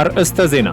አርእስተ ዜና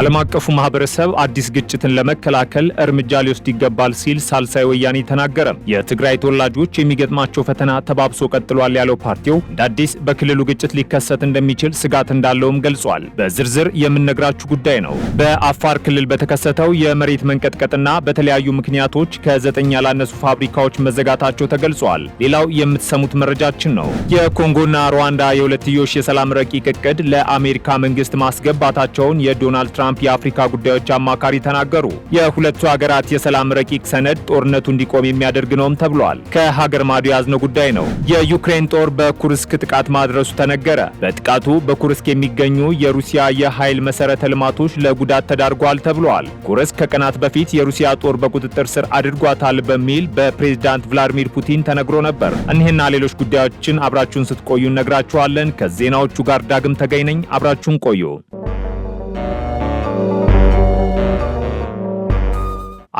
ዓለም አቀፉ ማህበረሰብ አዲስ ግጭትን ለመከላከል እርምጃ ሊወስድ ይገባል ሲል ሳልሳይ ወያኔ ተናገረ። የትግራይ ተወላጆች የሚገጥማቸው ፈተና ተባብሶ ቀጥሏል ያለው ፓርቲው እንደ አዲስ በክልሉ ግጭት ሊከሰት እንደሚችል ስጋት እንዳለውም ገልጿል። በዝርዝር የምነግራችሁ ጉዳይ ነው። በአፋር ክልል በተከሰተው የመሬት መንቀጥቀጥና በተለያዩ ምክንያቶች ከዘጠኝ ያላነሱ ፋብሪካዎች መዘጋታቸው ተገልጿል። ሌላው የምትሰሙት መረጃችን ነው። የኮንጎና ሩዋንዳ የሁለትዮሽ የሰላም ረቂቅ እቅድ ለአሜሪካ መንግስት ማስገባታቸውን የዶናልድ ዶናልድ ትራምፕ የአፍሪካ ጉዳዮች አማካሪ ተናገሩ። የሁለቱ ሀገራት የሰላም ረቂቅ ሰነድ ጦርነቱ እንዲቆም የሚያደርግ ነውም ተብሏል። ከሀገር ማዶ የያዝነው ጉዳይ ነው። የዩክሬን ጦር በኩርስክ ጥቃት ማድረሱ ተነገረ። በጥቃቱ በኩርስክ የሚገኙ የሩሲያ የኃይል መሰረተ ልማቶች ለጉዳት ተዳርጓል ተብሏል። ኩርስክ ከቀናት በፊት የሩሲያ ጦር በቁጥጥር ስር አድርጓታል በሚል በፕሬዝዳንት ቭላዲሚር ፑቲን ተነግሮ ነበር። እኒህና ሌሎች ጉዳዮችን አብራችሁን ስትቆዩ እነግራችኋለን። ከዜናዎቹ ጋር ዳግም ተገኝ ነኝ። አብራችሁን ቆዩ።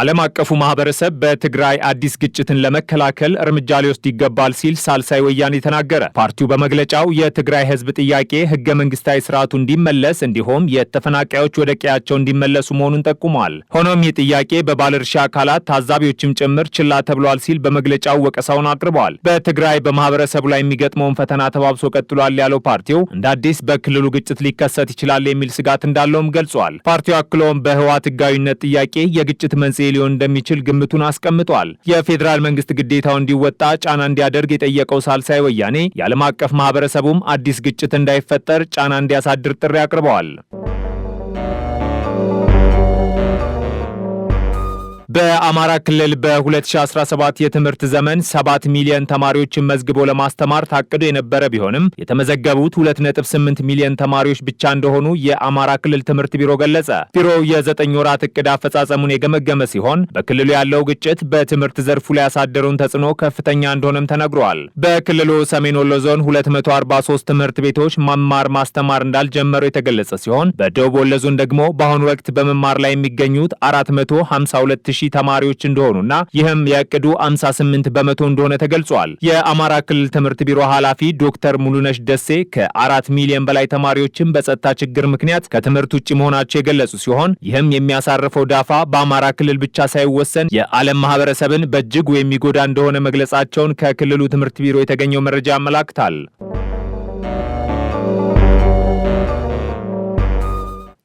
ዓለም አቀፉ ማህበረሰብ በትግራይ አዲስ ግጭትን ለመከላከል እርምጃ ሊወስድ ይገባል ሲል ሳልሳይ ወያኔ ተናገረ። ፓርቲው በመግለጫው የትግራይ ህዝብ ጥያቄ ህገ መንግስታዊ ስርዓቱ እንዲመለስ እንዲሁም የተፈናቃዮች ወደ ቀያቸው እንዲመለሱ መሆኑን ጠቁሟል። ሆኖም ይህ ጥያቄ በባለድርሻ አካላት ታዛቢዎችም ጭምር ችላ ተብሏል ሲል በመግለጫው ወቀሳውን አቅርበዋል። በትግራይ በማህበረሰቡ ላይ የሚገጥመውን ፈተና ተባብሶ ቀጥሏል ያለው ፓርቲው እንደ አዲስ በክልሉ ግጭት ሊከሰት ይችላል የሚል ስጋት እንዳለውም ገልጿል። ፓርቲው አክሎም በህወሓት ህጋዊነት ጥያቄ የግጭት መንስኤ ሊሆን እንደሚችል ግምቱን አስቀምጧል። የፌዴራል መንግስት ግዴታው እንዲወጣ ጫና እንዲያደርግ የጠየቀው ሳልሳይ ወያኔ የዓለም አቀፍ ማህበረሰቡም አዲስ ግጭት እንዳይፈጠር ጫና እንዲያሳድር ጥሪ አቅርበዋል። በአማራ ክልል በ2017 የትምህርት ዘመን 7 ሚሊዮን ተማሪዎችን መዝግቦ ለማስተማር ታቅዶ የነበረ ቢሆንም የተመዘገቡት 2.8 ሚሊዮን ተማሪዎች ብቻ እንደሆኑ የአማራ ክልል ትምህርት ቢሮ ገለጸ። ቢሮው የዘጠኝ ወራት እቅድ አፈጻጸሙን የገመገመ ሲሆን በክልሉ ያለው ግጭት በትምህርት ዘርፉ ላይ ያሳደረውን ተጽዕኖ ከፍተኛ እንደሆነም ተነግሯል። በክልሉ ሰሜን ወሎ ዞን 243 ትምህርት ቤቶች መማር ማስተማር እንዳልጀመሩ የተገለጸ ሲሆን በደቡብ ወሎ ዞን ደግሞ በአሁኑ ወቅት በመማር ላይ የሚገኙት 452 ሺህ ተማሪዎች እንደሆኑና ይህም የዕቅዱ 58 በመቶ እንደሆነ ተገልጿል። የአማራ ክልል ትምህርት ቢሮ ኃላፊ ዶክተር ሙሉነሽ ደሴ ከአራት ሚሊዮን በላይ ተማሪዎችን በጸጥታ ችግር ምክንያት ከትምህርት ውጭ መሆናቸው የገለጹ ሲሆን ይህም የሚያሳርፈው ዳፋ በአማራ ክልል ብቻ ሳይወሰን የዓለም ማህበረሰብን በእጅጉ የሚጎዳ እንደሆነ መግለጻቸውን ከክልሉ ትምህርት ቢሮ የተገኘው መረጃ ያመላክታል።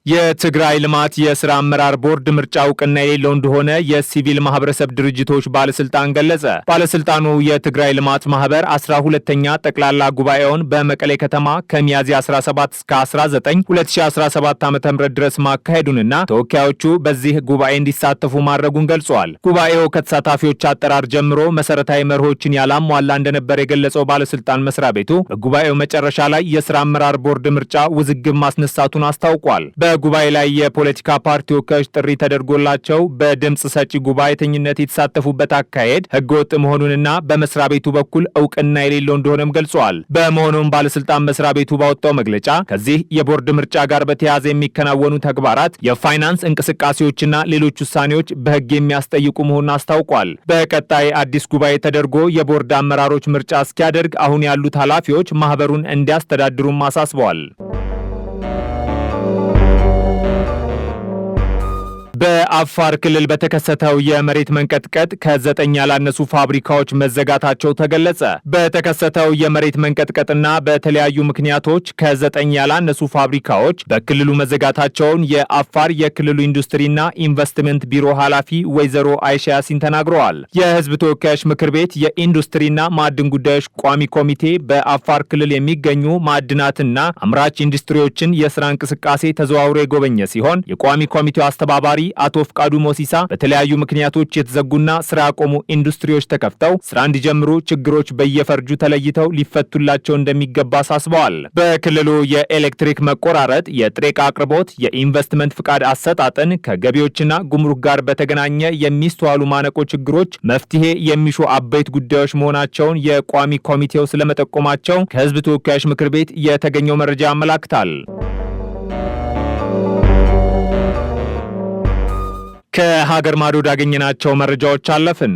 የትግራይ ልማት የስራ አመራር ቦርድ ምርጫ እውቅና የሌለው እንደሆነ የሲቪል ማህበረሰብ ድርጅቶች ባለስልጣን ገለጸ። ባለስልጣኑ የትግራይ ልማት ማህበር 12ተኛ ጠቅላላ ጉባኤውን በመቀሌ ከተማ ከሚያዝያ 17 እስከ 19 2017 ዓ ም ድረስ ማካሄዱንና ተወካዮቹ በዚህ ጉባኤ እንዲሳተፉ ማድረጉን ገልጿል። ጉባኤው ከተሳታፊዎች አጠራር ጀምሮ መሰረታዊ መርሆችን ያላሟላ እንደነበር የገለጸው ባለስልጣን መስሪያ ቤቱ በጉባኤው መጨረሻ ላይ የስራ አመራር ቦርድ ምርጫ ውዝግብ ማስነሳቱን አስታውቋል። በጉባኤ ላይ የፖለቲካ ፓርቲ ወካዮች ጥሪ ተደርጎላቸው በድምፅ ሰጪ ጉባኤተኝነት የተሳተፉበት አካሄድ ህገወጥ መሆኑንና በመስሪያ ቤቱ በኩል እውቅና የሌለው እንደሆነም ገልጿል። በመሆኑም ባለስልጣን መስሪያ ቤቱ ባወጣው መግለጫ ከዚህ የቦርድ ምርጫ ጋር በተያያዘ የሚከናወኑ ተግባራት፣ የፋይናንስ እንቅስቃሴዎችና ሌሎች ውሳኔዎች በህግ የሚያስጠይቁ መሆኑን አስታውቋል። በቀጣይ አዲስ ጉባኤ ተደርጎ የቦርድ አመራሮች ምርጫ እስኪያደርግ አሁን ያሉት ኃላፊዎች ማህበሩን እንዲያስተዳድሩም አሳስበዋል። በአፋር ክልል በተከሰተው የመሬት መንቀጥቀጥ ከዘጠኝ ያላነሱ ፋብሪካዎች መዘጋታቸው ተገለጸ። በተከሰተው የመሬት መንቀጥቀጥና በተለያዩ ምክንያቶች ከዘጠኝ ያላነሱ ፋብሪካዎች በክልሉ መዘጋታቸውን የአፋር የክልሉ ኢንዱስትሪና ኢንቨስትመንት ቢሮ ኃላፊ ወይዘሮ አይሻ ያሲን ተናግረዋል። የሕዝብ ተወካዮች ምክር ቤት የኢንዱስትሪና ማዕድን ጉዳዮች ቋሚ ኮሚቴ በአፋር ክልል የሚገኙ ማዕድናትና አምራች ኢንዱስትሪዎችን የስራ እንቅስቃሴ ተዘዋውሮ የጎበኘ ሲሆን የቋሚ ኮሚቴው አስተባባሪ አቶ ፍቃዱ ሞሲሳ በተለያዩ ምክንያቶች የተዘጉና ስራ አቆሙ ኢንዱስትሪዎች ተከፍተው ስራ እንዲጀምሩ ችግሮች በየፈርጁ ተለይተው ሊፈቱላቸው እንደሚገባ አሳስበዋል። በክልሉ የኤሌክትሪክ መቆራረጥ፣ የጥሬ ዕቃ አቅርቦት፣ የኢንቨስትመንት ፍቃድ አሰጣጥን ከገቢዎችና ጉምሩክ ጋር በተገናኘ የሚስተዋሉ ማነቆ ችግሮች መፍትሄ የሚሹ አበይት ጉዳዮች መሆናቸውን የቋሚ ኮሚቴው ስለመጠቆማቸው ከህዝብ ተወካዮች ምክር ቤት የተገኘው መረጃ ያመላክታል። ከሀገር ማዶ ያገኘናቸው መረጃዎች አለፍን።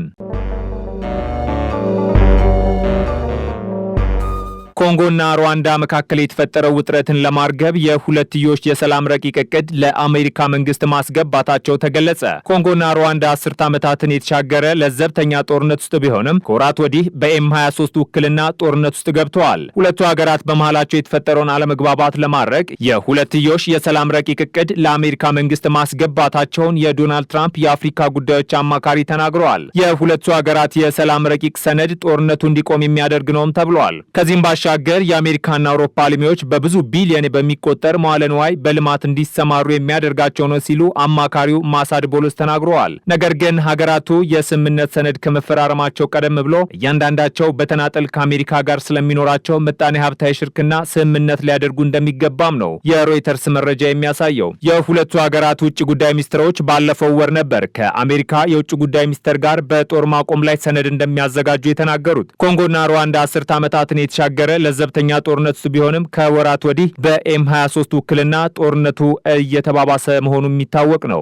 በኮንጎና ሩዋንዳ መካከል የተፈጠረው ውጥረትን ለማርገብ የሁለትዮሽ የሰላም ረቂቅ እቅድ ለአሜሪካ መንግስት ማስገባታቸው ተገለጸ። ኮንጎና ሩዋንዳ አስርት ዓመታትን የተሻገረ ለዘብተኛ ጦርነት ውስጥ ቢሆንም ከወራት ወዲህ በኤም 23 ውክልና ጦርነት ውስጥ ገብተዋል። ሁለቱ ሀገራት በመሃላቸው የተፈጠረውን አለመግባባት ለማድረግ የሁለትዮሽ የሰላም ረቂቅ እቅድ ለአሜሪካ መንግስት ማስገባታቸውን የዶናልድ ትራምፕ የአፍሪካ ጉዳዮች አማካሪ ተናግረዋል። የሁለቱ ሀገራት የሰላም ረቂቅ ሰነድ ጦርነቱ እንዲቆም የሚያደርግ ነውም ተብሏል። ከዚህም ባሻ ባሻገር የአሜሪካና አውሮፓ አልሚዎች በብዙ ቢሊየን በሚቆጠር መዋለ ንዋይ በልማት እንዲሰማሩ የሚያደርጋቸው ነው ሲሉ አማካሪው ማሳድ ቦሎስ ተናግረዋል። ነገር ግን ሀገራቱ የስምምነት ሰነድ ከመፈራረማቸው ቀደም ብሎ እያንዳንዳቸው በተናጠል ከአሜሪካ ጋር ስለሚኖራቸው ምጣኔ ሀብታዊ ሽርክና ስምምነት ሊያደርጉ እንደሚገባም ነው የሮይተርስ መረጃ የሚያሳየው። የሁለቱ ሀገራት ውጭ ጉዳይ ሚኒስትሮች ባለፈው ወር ነበር ከአሜሪካ የውጭ ጉዳይ ሚኒስትር ጋር በጦር ማቆም ላይ ሰነድ እንደሚያዘጋጁ የተናገሩት። ኮንጎና ሩዋንዳ አስርት ዓመታትን የተሻገረ ለዘብተኛ ጦርነት ቢሆንም ከወራት ወዲህ በኤም 23 ውክልና ጦርነቱ እየተባባሰ መሆኑ የሚታወቅ ነው።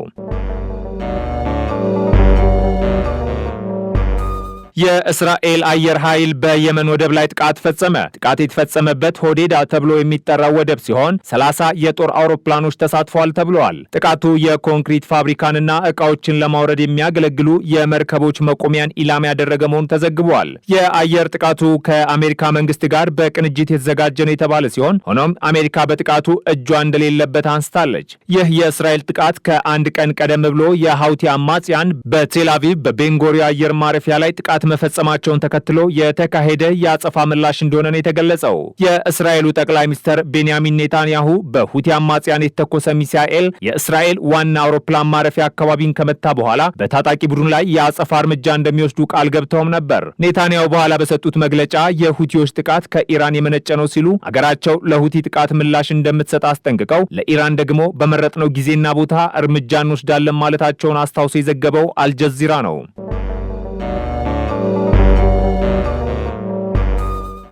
የእስራኤል አየር ኃይል በየመን ወደብ ላይ ጥቃት ፈጸመ። ጥቃት የተፈጸመበት ሆዴዳ ተብሎ የሚጠራው ወደብ ሲሆን 30 የጦር አውሮፕላኖች ተሳትፈዋል ተብለዋል። ጥቃቱ የኮንክሪት ፋብሪካንና እቃዎችን ለማውረድ የሚያገለግሉ የመርከቦች መቆሚያን ኢላማ ያደረገ መሆኑ ተዘግቧል። የአየር ጥቃቱ ከአሜሪካ መንግስት ጋር በቅንጅት የተዘጋጀ ነው የተባለ ሲሆን ሆኖም አሜሪካ በጥቃቱ እጇ እንደሌለበት አንስታለች። ይህ የእስራኤል ጥቃት ከአንድ ቀን ቀደም ብሎ የሀውቲ አማጽያን በቴል አቪቭ በቤንጎሪ አየር ማረፊያ ላይ ጥቃት ጥቃት መፈጸማቸውን ተከትሎ የተካሄደ የአጸፋ ምላሽ እንደሆነ ነው የተገለጸው። የእስራኤሉ ጠቅላይ ሚኒስትር ቤንያሚን ኔታንያሁ በሁቲ አማጽያን የተተኮሰ ሚሳኤል የእስራኤል ዋና አውሮፕላን ማረፊያ አካባቢን ከመታ በኋላ በታጣቂ ቡድን ላይ የአጸፋ እርምጃ እንደሚወስዱ ቃል ገብተውም ነበር። ኔታንያሁ በኋላ በሰጡት መግለጫ የሁቲዎች ጥቃት ከኢራን የመነጨ ነው ሲሉ አገራቸው ለሁቲ ጥቃት ምላሽ እንደምትሰጥ አስጠንቅቀው ለኢራን ደግሞ በመረጥነው ጊዜና ቦታ እርምጃ እንወስዳለን ማለታቸውን አስታውሶ የዘገበው አልጀዚራ ነው።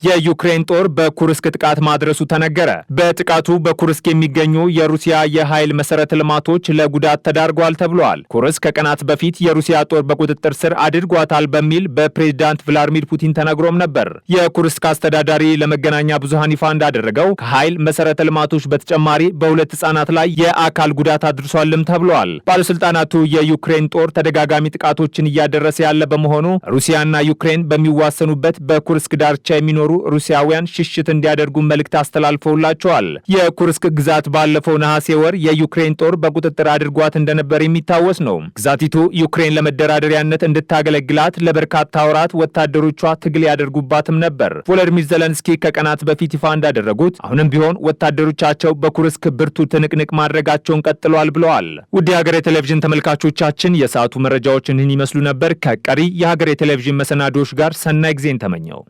የዩክሬን ጦር በኩርስክ ጥቃት ማድረሱ ተነገረ። በጥቃቱ በኩርስክ የሚገኙ የሩሲያ የኃይል መሰረተ ልማቶች ለጉዳት ተዳርጓል ተብሏል። ኩርስክ ከቀናት በፊት የሩሲያ ጦር በቁጥጥር ስር አድርጓታል በሚል በፕሬዝዳንት ቭላድሚር ፑቲን ተነግሮም ነበር። የኩርስክ አስተዳዳሪ ለመገናኛ ብዙሃን ይፋ እንዳደረገው ከኃይል መሰረተ ልማቶች በተጨማሪ በሁለት ህጻናት ላይ የአካል ጉዳት አድርሷልም ተብሏል። ባለስልጣናቱ የዩክሬን ጦር ተደጋጋሚ ጥቃቶችን እያደረሰ ያለ በመሆኑ ሩሲያና ዩክሬን በሚዋሰኑበት በኩርስክ ዳርቻ የሚኖሩ የነበሩ ሩሲያውያን ሽሽት እንዲያደርጉ መልእክት አስተላልፈውላቸዋል። የኩርስክ ግዛት ባለፈው ነሐሴ ወር የዩክሬን ጦር በቁጥጥር አድርጓት እንደነበር የሚታወስ ነው። ግዛቲቱ ዩክሬን ለመደራደሪያነት እንድታገለግላት ለበርካታ ወራት ወታደሮቿ ትግል ያደርጉባትም ነበር። ቮሎዲሚር ዘለንስኪ ከቀናት በፊት ይፋ እንዳደረጉት አሁንም ቢሆን ወታደሮቻቸው በኩርስክ ብርቱ ትንቅንቅ ማድረጋቸውን ቀጥሏል ብለዋል። ውድ የሀገሬ ቴሌቪዥን ተመልካቾቻችን የሰዓቱ መረጃዎች ይመስሉ ነበር። ከቀሪ የሀገሬ ቴሌቪዥን መሰናዶዎች ጋር ሰናይ ጊዜን ተመኘው።